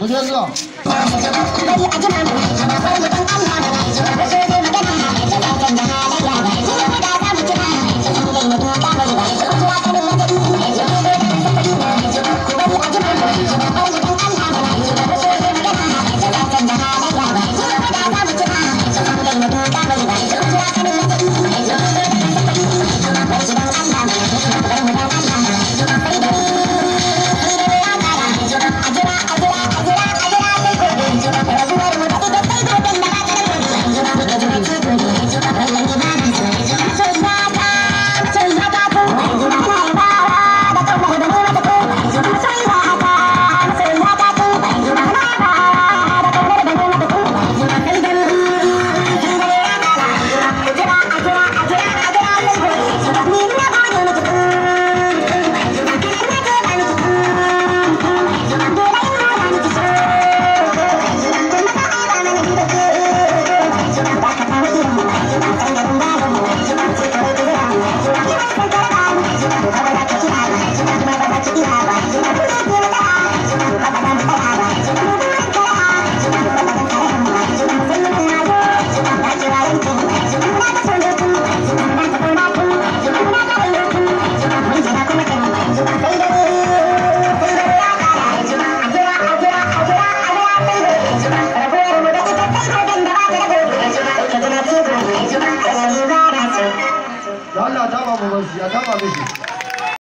고생하셨습니다. Hala tamamımız yatamamışız.